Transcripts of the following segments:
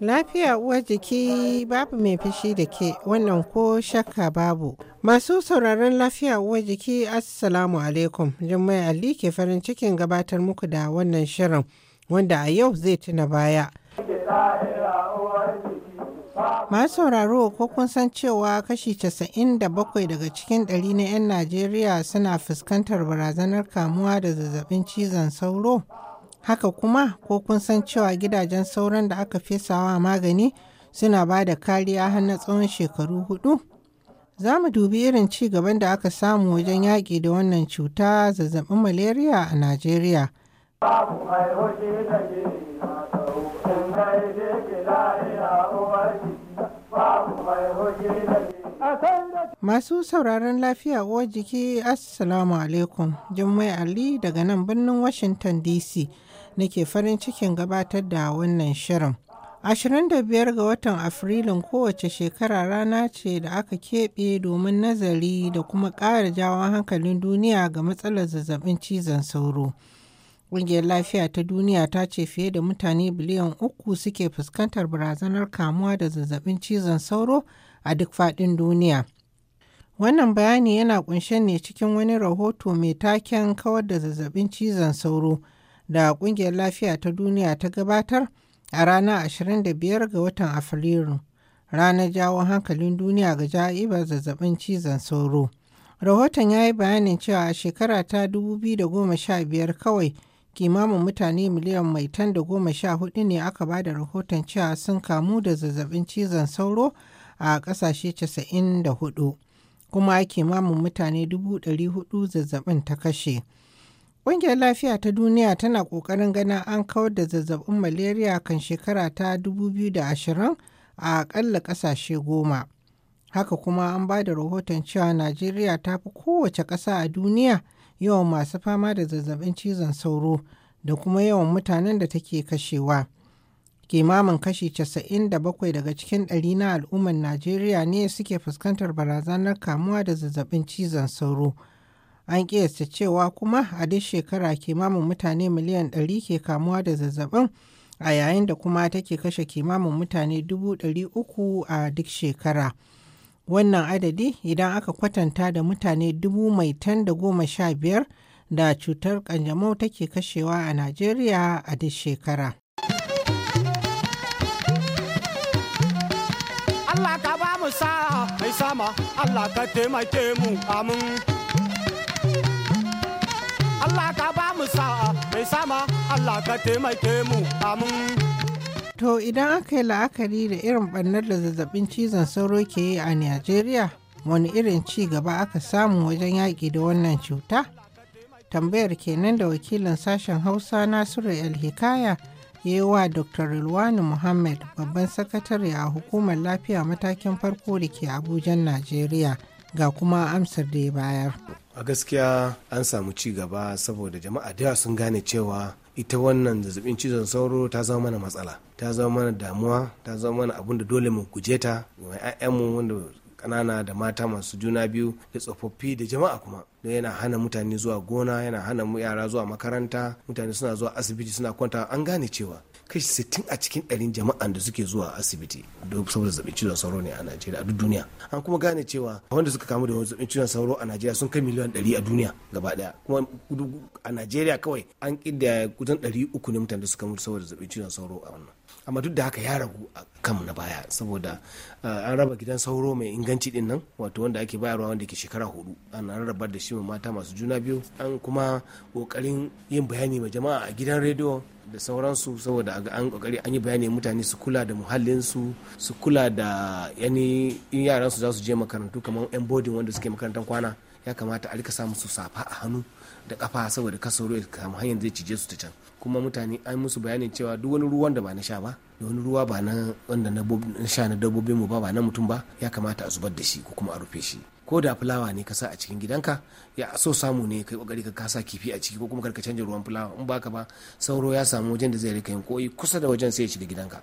Lafiya uwar jiki babu mai fushi da ke wannan ko shakka babu. Masu sauraron lafiya uwar jiki Assalamu alaikum. Jummai Ali ke farin cikin gabatar muku da wannan shirin wanda a yau zai tuna baya. Masu sauraro ko kun san cewa kashi 97 daga cikin ɗari na 'yan Najeriya suna fuskantar barazanar kamuwa da zazzabin cizon sauro? Haka kuma ko kun san cewa gidajen sauran da aka fesawa magani suna ba da kariya har na tsawon shekaru hudu? Za mu dubi irin ci gaban da aka samu wajen yaƙi da wannan cuta zazzabin malaria a Najeriya. Masu sauraron lafiya uwar jiki Assalamu alaikum Jummai Ali daga nan birnin Washington DC nake farin cikin gabatar da wannan shirin. 25 ga watan Afrilun kowace shekara rana ce da aka keɓe domin nazari da kuma ƙara jawon hankalin duniya ga matsalar zazzabin cizon sauro. Ƙungiyar Lafiya ta Duniya ta ce fiye da mutane biliyan uku suke fuskantar barazanar kamuwa da zazzabin cizon sauro a duk faɗin duniya. Wannan bayani yana ƙunshe ne cikin wani rahoto mai taken kawar da zazzabin cizon sauro da Ƙungiyar Lafiya ta Duniya ta gabatar a ranar 25 ga watan Afrilu, ranar jawo hankalin duniya ga ja'ibar zazzabin cizon sauro. Rahoton ya yi bayanin cewa a shekara ta 2015 kawai kimamin mutane miliyan mai tan da goma sha hudu ne aka ba da rahoton cewa sun kamu da zazzabin cizon sauro a ƙasashe casa'in da hudu kuma kimamin mutane dubu ɗari hudu zazzabin ta kashe. Ƙungiyar Lafiya ta Duniya tana ƙoƙarin ganin an kawar da zazzabin malaria kan shekara ta 2020 a ƙalla ƙasashe goma. Haka kuma an ba da rahoton cewa Najeriya ta fi kowace ƙasa a duniya yawan masu fama da zazzabin cizon sauro da kuma yawan mutanen da take kashewa. Kimamin kashi 97 daga cikin ɗari na al'ummar Najeriya ne suke fuskantar barazanar kamuwa da zazzabin cizon sauro. An ƙiyasta cewa kuma a duk shekara kimamin mutane miliyan 100 ke kamuwa da zazzabin a yayin da kuma take kashe kimamin mutane 300 a duk shekara. wannan adadi idan aka kwatanta da mutane dubu mai tan da goma sha biyar da cutar kanjamau take kashewa a najeriya a duk shekara Allah ka ba mu sa'a mai sama Allah ka taimake mu amin Allah ka ba mu sa'a mai sama Allah ka taimake mu amin To idan aka yi la'akari da irin ɓannar da zazzabin cizon sauro ke yi a Najeriya, wani irin ci gaba aka samu wajen yaƙi da wannan cuta? Tambayar kenan da wakilin sashen Hausa Nasiru El-Hikaya ya yi wa Dr. Rilwani Muhammad babban sakatare a hukumar lafiya matakin farko da ke Abujan Najeriya ga kuma amsar da ya bayar. A gaskiya an samu ci gaba saboda jama'a da sun gane cewa ita wannan zazzabin cizon sauro ta zama mana matsala ta zama mana damuwa ta zama mana abin da dole mu guje ta mai 'ya'yanmu wanda kanana da mata masu juna biyu da tsofaffi da jama'a kuma don yana hana mutane zuwa gona yana hana yara zuwa makaranta mutane suna zuwa asibiti suna kwanta an gane cewa kashi sittin a cikin ɗarin jama'an da suke zuwa asibiti don saboda zaɓin cizon sauro ne a najeriya a duk duniya an kuma gane cewa wanda suka kamu da zaɓin cizon sauro a najeriya sun kai miliyan ɗari a duniya gaba ɗaya kuma a najeriya kawai an ƙidda kusan ɗari uku ne mutane da suka mutu saboda zaɓin cizon sauro a wannan amma duk da haka ya ragu a kan na baya saboda eh, an raba gidan sauro mai inganci din nan wato wanda ake bayarwa wanda ke shekara hudu an rarraba da shi mata masu juna biyu an kuma kokarin yin bayani ma jama'a a gidan rediyo da sauransu saboda an kokari an yi bayani mutane su kula da muhallinsu su kula da yani in yaran su za su je makarantu kamar yan bodin wanda suke makarantar kwana ya kamata a rika samu su safa a hannu da kafa saboda kasoro ya kama hanyar zai cije su ta can kuma mutane an musu bayanin cewa duk wani ruwan da ba na sha ba da wani ruwa ba na wanda na sha na dabbobin mu ba ba na mutum ba ya kamata a zubar da shi ko kuma a rufe shi ko da fulawa ne ka sa a cikin gidanka ya so samu ne kai kokari ka kasa kifi a ciki ko kuma ka canja ruwan fulawa in baka ba sauro ya samu wajen da zai rika yin koyi kusa da wajen sai ya shiga gidanka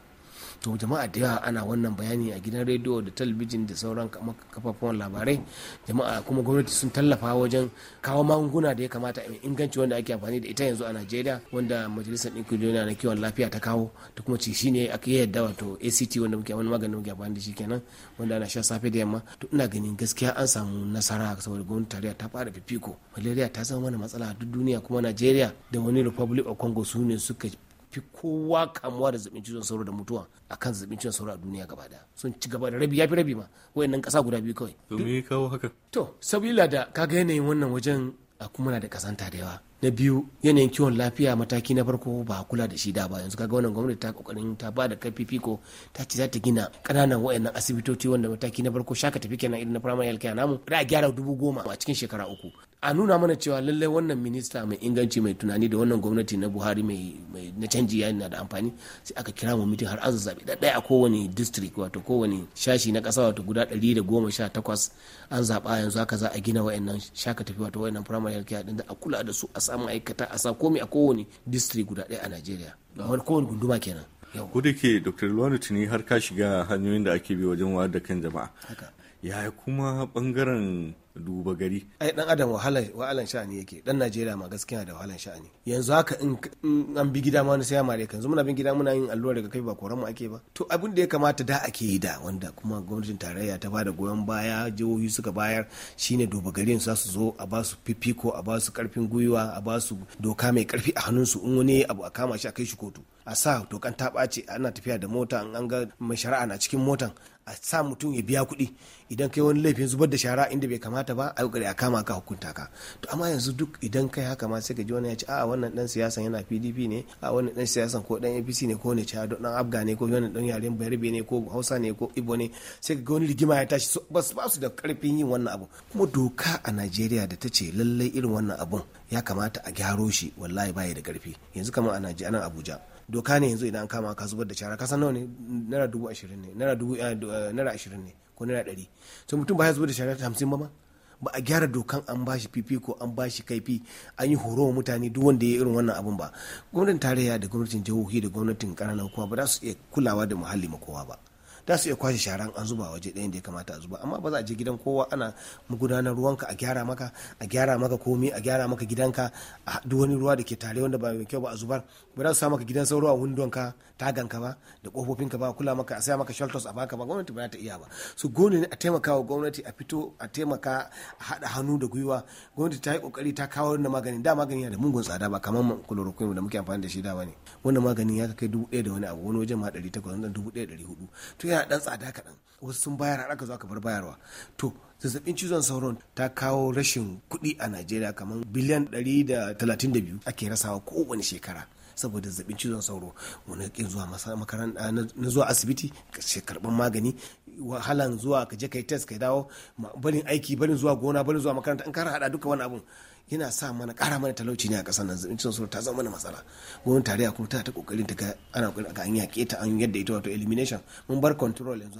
to jama'a da yawa ana wannan bayani a gidan rediyo da talabijin da sauran kafafuwan labarai jama'a kuma gwamnati sun tallafa wajen kawo magunguna da ya kamata a inganci wanda ake amfani da ita yanzu a najeriya wanda majalisar ɗinkin duniya na kiwon lafiya ta kawo ta kuma ci shine aka yi yadda wato act wanda muke wani maganin muke amfani da shi kenan wanda ana sha safe da yamma to ina ganin gaskiya an samu nasara saboda gwamnati tarayya ta fara fifiko malaria ta zama mana matsala a duk duniya kuma najeriya da wani republic of congo su ne suka fi kowa kamuwa da zazzabin cizon sauro da mutuwa a kan zazzabin cizon sauro a duniya gaba da sun ci gaba da rabi ya fi rabi ma nan kasa guda biyu kawai to me kawo haka to sabila da kaga yanayin wannan wajen a kuma na da kasanta da yawa na biyu yanayin kiwon lafiya mataki na farko ba a kula da shi da ba yanzu kaga wannan gwamnati ta kokarin ta ba da karfi fiko ta ce za ta gina kananan wayannan asibitoci wanda mataki na farko shaka tafi kenan irin na primary health care namu za a gyara dubu goma a cikin shekara uku a nuna mana cewa lallai wannan minista mai inganci mai tunani da wannan gwamnati na buhari mai na canji ya na da amfani sai aka kira mu mitin har an zazzabi da ɗaya a kowane district wato kowane shashi na ƙasa wato guda ɗari da goma sha takwas an zaɓa yanzu haka za a gina wa'annan shaka tafi wato wa'annan primary health care da a kula da su a samu aikata a sa komai a kowane district guda ɗaya a najeriya kowane gunduma kenan ko da ke dr luwani tuni har ka shiga hanyoyin da ake bi wajen wayar da kan jama'a ya kuma bangaren duba gari ai dan adam wahala wahalan sha'ani yake dan najeriya ma gaskiya da wahalan sha'ani yanzu haka in an bi gida ma wani sai mare yanzu muna bin gida muna yin allura daga kai ba koran mu ake ba to abin da ya kamata da ake yi da wanda kuma gwamnatin tarayya ta bada goyon baya jihohi suka bayar shine duba gari za su zo a ba su fifiko a ba su karfin gwiwa a ba su doka mai karfi a hannun su in wani abu a kama shi a kai shi kotu a sa dokan ta ɓace ana tafiya da mota an ga mai shari'a na cikin motan a sa mutum ya biya kuɗi idan kai wani laifin zubar da shara inda bai kamata ba a kokari a kama ka hukunta ka to amma yanzu duk idan kai haka ma sai ka ji wani ya ce a wannan dan siyasan yana PDP ne a wannan dan siyasan ko dan APC ne ko ne cha dan Abga ne ko wannan dan yaren Bayarbe ne ko Hausa ne ko Igbo ne sai ka ga wani rigima ya tashi ba su ba su da karfin yin wannan abu kuma doka a Najeriya da ta ce lallai irin wannan abun ya kamata a gyaro shi wallahi baya da karfi yanzu kamar a Najeriya nan Abuja doka ne yanzu idan kama ka zubar da shara ka san nawa ne naira dubu ashirin ne naira dubu eh, eh, naira ashirin ne ko naira ɗari to mutum ba ya zubar da shara ta hamsin ba ma ba a gyara dokan an bashi ko an bashi kaifi an yi horo wa mutane duk wanda ya yi irin wannan abun ba gwamnatin tarayya da gwamnatin jihohi da gwamnatin ƙananan kowa ba za su iya kulawa da muhalli ma kowa ba da su iya kwashe sharan an zuba waje ɗayan da ya kamata a zuba amma ba za a je gidan kowa ana gudanar ruwanka a gyara maka a gyara maka komi a gyara maka gidanka a duk wani ruwa da ke tare wanda ba mai kyau ba a zubar ba za su sa maka gidan sauro a windonka taganka ba da kofofinka ba kula maka a saya maka shelters a baka ba gwamnati ba za ta iya ba su gone ne a taimaka wa gwamnati a fito a taimaka a haɗa hannu da gwiwa gwamnati ta yi kokari ta kawo wannan maganin da magani yana da mungun tsada ba kamar chloroquine da muke amfani da shi da wani wannan maganin ya kai dubu ɗaya da wani abu wani wajen ma ɗari takwas wani dubu ɗaya ɗari hudu yana dan tsada kaɗan wasu sun bayar har aka zo bar bayarwa to zazzabin cizon sauron ta kawo rashin kuɗi a najeriya kamar biliyan da biyu ake rasawa kowane shekara saboda zazzabin cizon sauro wani kin zuwa makaranta na zuwa asibiti ka karban magani wahalan zuwa ka je kai test ka dawo barin aiki barin zuwa gona barin zuwa makaranta an kara haɗa duka wani abun yana sa mana kara mana talauci ne a ƙasar nan zubincin soro ta zama mana matsala gwamnatin tarayya kuma tana ta kokarin ta ana kokarin ga an yaƙe ta an yadda ita wato elimination mun bar control yanzu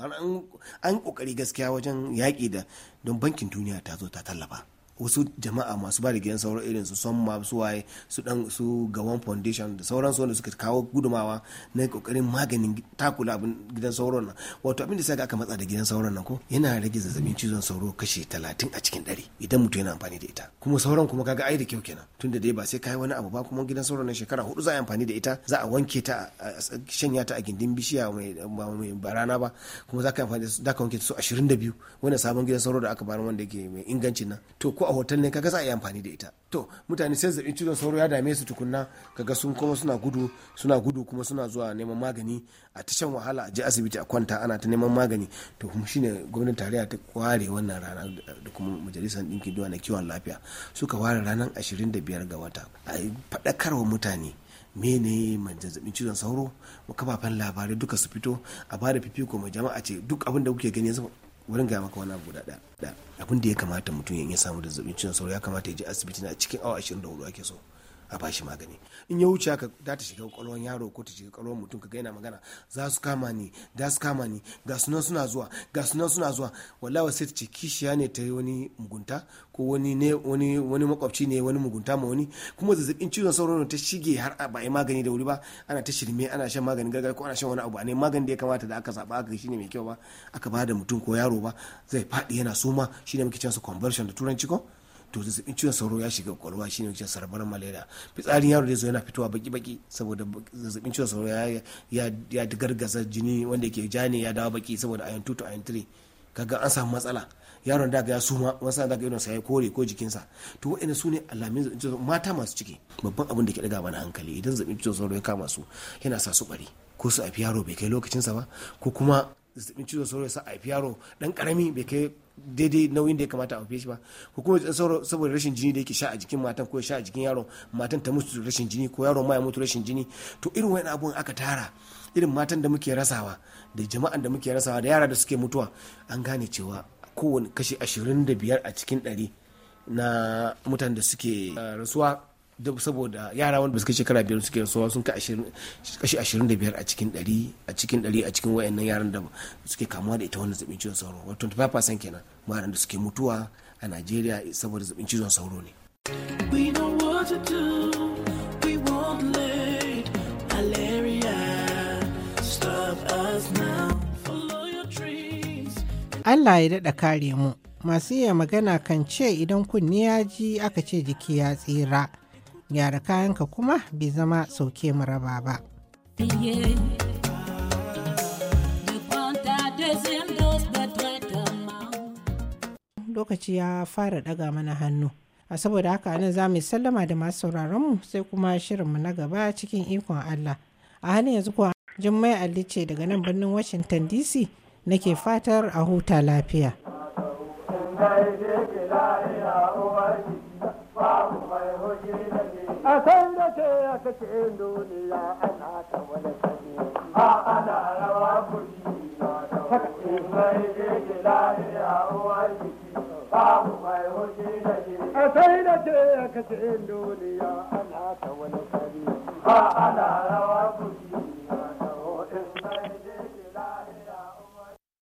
an kokari gaskiya wajen yaƙi da don bankin duniya ta zo ta tallafa wasu jama'a masu ba da gidan sauran irin su son ma su waye su dan su gawan foundation da su wanda suka kawo gudumawa na kokarin maganin takula abin gidan sauran nan wato abin da sai aka matsa da gidan sauran nan ko yana rage zazzabin cizon sauro kashi 30 a cikin dare idan mutum yana amfani da ita kuma sauran kuma kaga ai da kyau kenan tunda dai ba sai kai wani abu ba kuma gidan sauran nan shekara hudu za a amfani da ita za a wanke ta shanya ta a gindin bishiya mai barana ba kuma za ka amfani da wanke ta so 22 wannan sabon gidan sauro da aka bayar wanda yake mai ingancin nan to ko a hotel ne kaga za a yi amfani da ita to mutane sai zaɓin cizon sauro ya dame su tukunna kaga sun kuma suna gudu suna gudu kuma suna zuwa neman magani a ta shan wahala a je asibiti a kwanta ana ta neman magani to kuma shine gwamnatin tarayya ta ware wannan rana da kuma majalisar ɗinkin duwa na kiwon lafiya suka ware ranar ashirin da biyar ga wata a faɗakarwa mutane mene mai zazzabin cizon sauro kafafen labarai duka su fito a bada fifiko ma jama'a ce duk abin da kuke gani wurin gaya maka wani abu da da abin da ya kamata mutum ya samu da zazzabin cizon sauro ya kamata ya je asibiti na cikin awa 24 ake so a ba shi magani in ya wuce haka za ta shiga kwakwalwar yaro ko ta shiga kwakwalwar mutum ka gaina magana za su kama ni za su kama ni ga sunan suna zuwa ga sunan suna zuwa wallahi sai ta ce kishiya ne ta yi wani mugunta ko wani ne wani wani makwabci ne wani mugunta ma wani kuma zazzabin cizon sauro ta shige har ba yi magani da wuri ba ana ta shirme ana shan maganin gargajiya ko ana shan wani abu ne magani da ya kamata da aka saba aka shine mai kyau ba aka bada mutum ko yaro ba zai faɗi yana suma shine muke cewa conversion da turanci ko to zazzabin cizon sauro ya shiga kwakwalwa shine wajen sarbar malaria fitsarin yaro da zo yana fitowa baki baki saboda zazzabin cizon sauro ya gargaza jini wanda ke ja ne ya dawo baki saboda ayon 2 to ayon 3 kaga an samu matsala yaron daga ya suma wasu daga irin sa kore ko jikinsa to waɗanda su ne alamin zazzabin mata masu ciki babban abin da ke daga mana hankali idan zazzabin cizon sauro ya kama su yana sa su bari ko su a yaro bai kai lokacinsa ba ko kuma zazzabin cizon sauro ya sa a yaro dan karami bai kai daidai nauyin da ya kamata a haife shi ba ko kuma zazzabin sauro saboda rashin jini da yake sha a jikin matan ko ya sha a jikin yaron matan ta mutu rashin jini ko yaron ma ya mutu rashin jini to irin wani abun aka tara irin matan da muke rasawa da jama'an da muke rasawa da yara da suke mutuwa an gane cewa kowane kashi ashirin da biyar a cikin ɗari na mutanen da suke eh, rasuwa saboda yara wanda suka shekara biyar suke rasuwa sun kai kashi ashirin da biyar a cikin ɗari a cikin ɗari a cikin wayannan yaran da suke kamuwa da ita wannan zaɓin cizon sauro wato 25% kenan maran da suke mutuwa a najeriya saboda zaɓin cizon sauro ne. Allah ya daɗa kare mu. Masu iya magana kan ce idan kunni ya ji aka ce jiki ya tsira. gyara kayanka kuma bai zama sauke maraba ba. Lokaci ya fara daga mana hannu. A saboda haka nan za mu sallama da masu sauraronmu sai kuma shirin mu na gaba cikin ikon Allah. A halin yanzu kuwa Jummai Ali ce daga nan birnin Washington DC nake fatar a huta lafiya. a kai da ke a kace duniya ana ta wani sani a ana rawa kuri na da wani mai jiki lafiya uwar jiki babu mai hoji da ke a kai da ke a kace duniya ana ta wani sani a ana rawa kuri